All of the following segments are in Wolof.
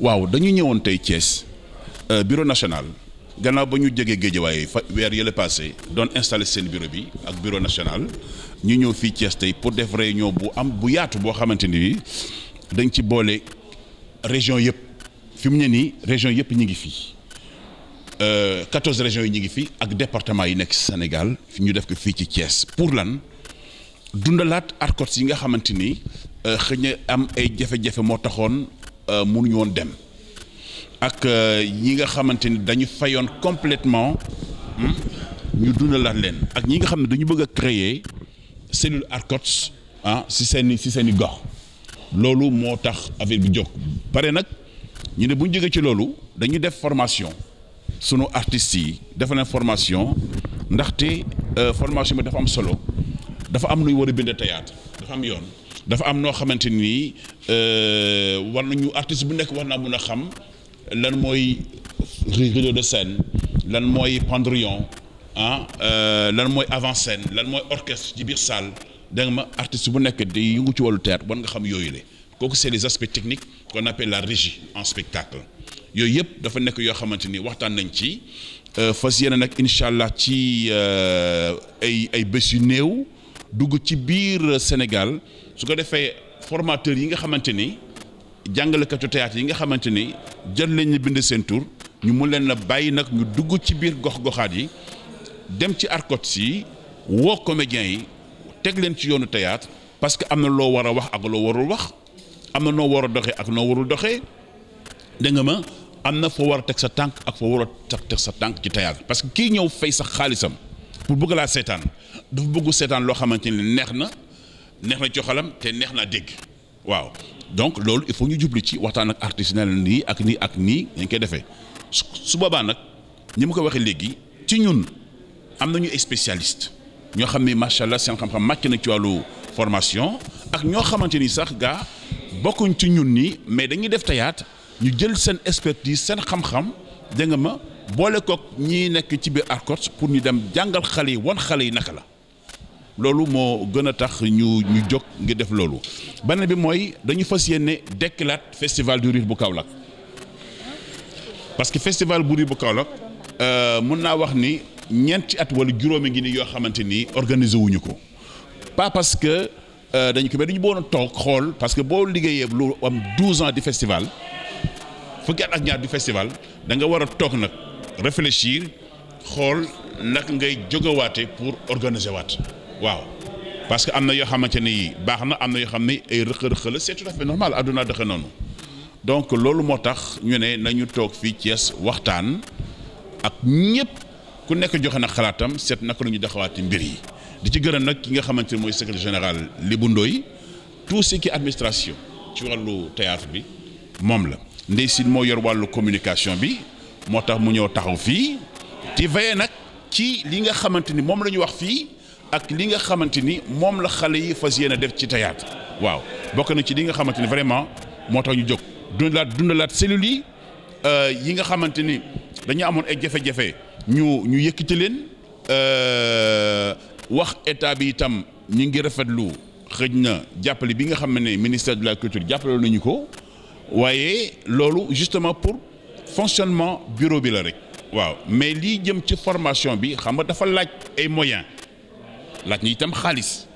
waaw dañu ñëwoon tey Thiès euh, bureau national gannaaw ba ñu jegee waaye fa weer yële passé doon installé seen bureau bi ak bureau national ñu ñëw fii cees tey pour def réunion bu am bu yaatu boo xamante ni bi dañ ci boole région yëpp fi mu ne nii région yëpp ñu ngi fii euh, quatorze régions yi ñu ngi fi ak département yi nekk Sénégal ñu def ko fii ci cees pour lan dundalaat arcot yi nga xamante ni euh, am ay jafe-jafe moo taxoon Euh, mënuñu woon dem ak euh, ñi nga xamante ni dañu fayoon complètement hmm, ñu dundalaat leen ak ñi nga xam ne dañu bëgg a créer cellule ARCOS ah si seen i si seen i gox loolu moo tax affaire bi jóg pare nag ñu ne buñ ñu ci loolu dañu def formation sunu artistes yi def na formation ndaxte euh, formation bi dafa am solo dafa am lu ñu war a bind théâtre dafa am yoon. dafa am noo xamante nii euh, war nañu artiste bu nekk war naa mun a xam lan mooy rideau de scène lan mooy pendrillon ah euh, lan mooy avant-scène lan mooy orchestre ci biir salle danga ma artiste bu nekk di yëngu ci wàllu théâtre war nga xam yooyu le kooku c'est les aspects techniques qu'on appelle la régie en spectacle yooyu yëpp dafa nekk yoo xamante ni waxtaan nañ ci euh, fas yéene nag incha allah ci ay ay bés yu néew dugg ci biir Sénégal su ko defee formateur yi nga xamante ni jàngalekatu théâtre yi nga xamante ni jot leen bind seen tur ñu mun leen la bàyyi nag ñu dugg ci biir gox-goxaat yi dem ci arcotes yi woo comédiens yi teg leen ci yoonu théâtre parce que am na loo war a wax ak loo warul wax am na noo war a doxee ak noo warul doxee danga ma am na foo war a teg sa tànk ak foo war a teg sa tànk ci théâtre parce que kii ñëw fay sax xaalisam bu bëgg laa seetaan dafa bëggu seetaan loo xamante ni neex na neex na joxalam xolam te neex naa dégg waaw donc loolu il faut ñu jublu ci waxtaan ak artistes yi nii ak nii ak nii dañ koy defee su boobaa nag ñi ma ko waxee léegi ci ñun am nañu ay spécialiste ñoo xam ne macha allah seen xam-xam màcc na ci wàllu formation ak ñoo xamante ni sax gaa bokkuñ ci ñun nii mais dañuy def teyaat ñu jël seen expertise seen xam-xam dégg ma. boole kook ñii nekk ci biir ARCOT pour ñu dem jàngal xale yi wan xale yi naka la loolu moo gën a tax ñu ñu jóg ngi def loolu beneen bi mooy dañu fas yéene dekkilaat festival du rire bu Kaolack parce que festival bu rire bu Kaolack euh, mën naa wax ni ñeenti at wala juróomi ngi ni yoo xamante ni organiser wuñu ko pas parce que euh, dañu ko mais dañu boon a toog xool parce que boo liggéeyee lu am 12 di festival fukki ak ñaar du da nga war a toog nag. réfléchir xool nag ngay jógewaate pour organiser waat waaw parce que am na yoo xamante ni yii baax na am na yoo xam ne ay rëq-rëq la c'est tout à normal àdduna dëxe noonu donc loolu moo tax ñu ne nañu toog fii Thiès waxtaan ak ñëpp ku nekk joxe na xalaatam seet naka la ñu doxawaati mbir yi di ci gërëm nag ki nga xamante ne mooy secrétaire général Libou Ndoye tout ce qui administration ci wàllu théâtre bi moom la Ndeye Sine moo yor wàllu communication bi. moo tax mu ñëw taxaw fii di veillé nag ci li nga xamante ni moom la ñu wax fii ak li nga xamante ni moom la xale yi fas yéene def ci théâtre waaw bokk na ci li nga xamante ni vraiment moo tax ñu jóg dundalaat dundalaat cellules yi euh, yi nga xamante ni dañu amoon ay jafe-jafe ñu ñu ci leen euh, wax état bi itam ñu ngi rafetlu xëj na jàppale bi nga xam ne ministère de la culture jàppale nañu ko waaye loolu justement pour. fonctionnement bureau bi la rek waaw mais lii jëm ci formation bi xam nga dafa laaj ay moyens laaj ñu itam xaalis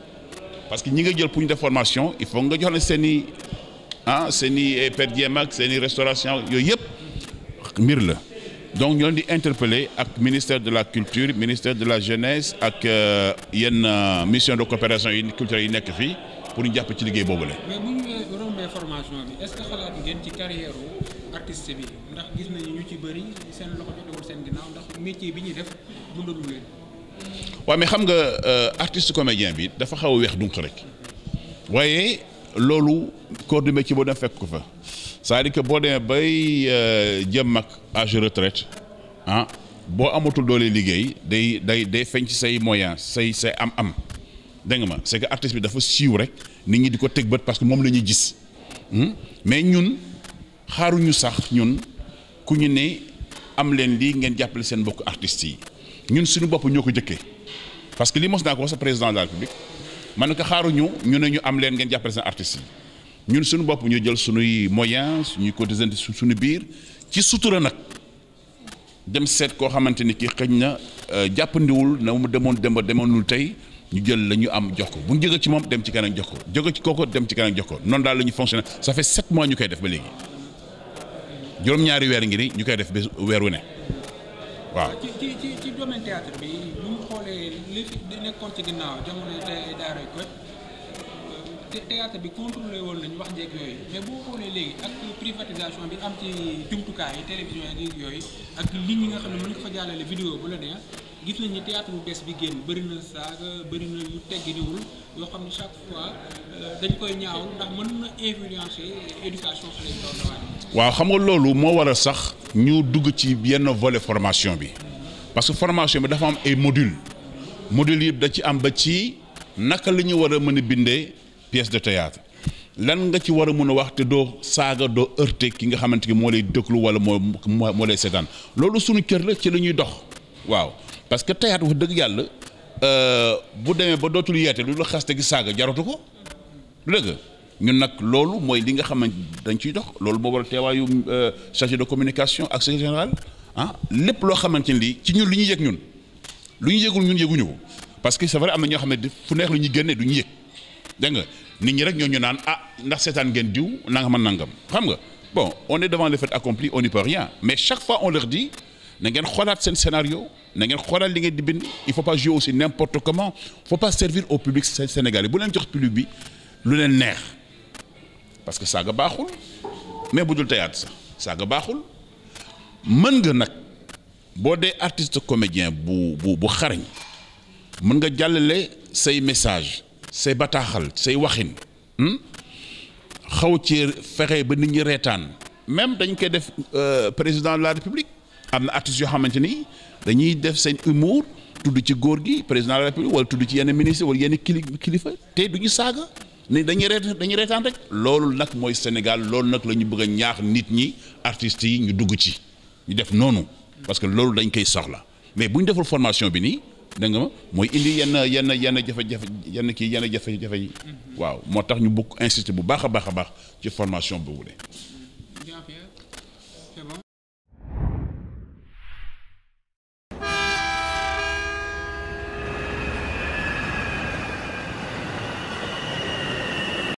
parce que ñi nga jël pour ñu def formation il faut nga jox ne seen ah seen i per diem ak seen i restauration yooyu yëpp mbir la donc ñoo di interpeller ak ministère de la culture ministère de la jeunesse ak euh, yenn euh, mission de coopération yi culturelle yi nekk fii pour ñu jàpp ci liggéey boobu la formation bi est-ce que xalaat ngeen ci carrière artiste bi ndax gis nañu ñu ci bëri seen loxo jotewul seen ginnaaw ndax métier bi ñuy def dundalu xam nga euh, artiste comédien bi dafa xaw a weex donc rek waaye loolu corps du boo dem fekk ko fa c'est-à-dire que boo demee bay euh, jëm ak âge retraite ah, boo amatul doole liggéey day day day feeñ ci say moyens say say am-am dégg nga ma c'est que artiste bi dafa siiw rek nit ñi di ko teg bët parce que moom la ñuy gis. Hmm? mais ñun xaaruñu sax ñun ku ñu ne am leen lii ngeen jàppale seen mbokk artistes yi ñun suñu bopp ñoo ko jëkkee parce que lii mos naa ko sa président de la République man na ko xaaruñu ñu ne ñu am leen ngeen jàppale seen artistes yi ñun suñu bopp ñu jël suñuy moyens suñuy cotisante suñu biir ci sutura nag dem seet koo xamante ni kii xëñ na euh, jàppandiwul na mu demoon demba demoonul tey ñu jël la ñu am jox ko bu ñu jóge ci moom dem ci kanam jox ko jóge ci kooku dem ci kanam jox ko noonu daal la ñu fonctionné ça fait mois ñu koy def ba léegi juróom-ñaari weer ngi ni ñu koy def ba weer wu ne waaw. ci ci ci domaine théâtre bi bu ñu xoolee li ci ginnaaw jamono daara ko te théâtre bi contrôlé woon nañu wax jeeg yooyu mais boo xoolee léegi ak privatisation bi am ci jumtukaay yi télévision yi yooyu ak ligne nga xam ne mën gis xam euh, waaw xam nga loolu moo war a sax ñu dugg ci yenn vole formation bi parce que formation bi dafa am ay module module yëpp da ci am ba ci naka la ñu war a mën a bindee pièce de théâtre lan nga ci war a mën a wax te doo saaga doo heurté ki nga xamante ni moo lay déglu wala moo moo lay seetaan loolu suñu cër la ci la ñuy dox waaw parce que théâtre wax dëgg yàlla euh, bu demee ba dootul yeete lu la xaste gi saaga jaratu ko lu dëgg ñun nag loolu mooy li nga xamante dañ ciy dox loolu moo war a teewaayu euh, chargé de communication ak secrétaire général ah lépp loo xamante ni lii ci ñun li ñuy yëg ñun lu ñu yëgul ñun yëguñu ko parce que c'est am na ñoo xam ne fu neex lu ñu génnee du ñu yëg dégg nga nit ñi rek ñoo ñu naan ah ndax seetaan ngeen diw nangam ak nangam xam nga bon on est devant les faits on chaque fois on leur dit na ngeen xoolaat seen scénario na ngeen xoolaat li ngeen di bind il faut pas jouer aussi n'importe comment il faut pas servir au public sénégalais bu leen jox public bi lu leen neex parce que saaga baaxul mais bu dul théâtre sax saaga baaxul mën nga nag boo dee artiste comédien bu bu bu xarañ mën nga jàllale say message say bataaxal say waxin hmm? xaw ci fexe ba nit ñi reetaan même dañ koy def euh, président de la république am na artistes yoo xamante ni dañuy def seen humour tudd ci góor gi président de la république wala tudd ci yenn ministre wala yenn kili kilifa tey du ñu saaga ni dañuy reet dañuy reetaan rek loolu nag mooy Sénégal loolu nag la ñu bëgg a ñaax nit ñi artist yi ñu dugg ci ñu def noonu parce que loolu dañ koy soxla mais bu ñu deful formation bi nii da nga ma mooy indi yenn yenn yenn jafe-jafe yenn kii yenn jafe-jafe yi mm-hmm. waaw moo tax ñu bëgg insister bu baax a baax a baax ci formation boobu de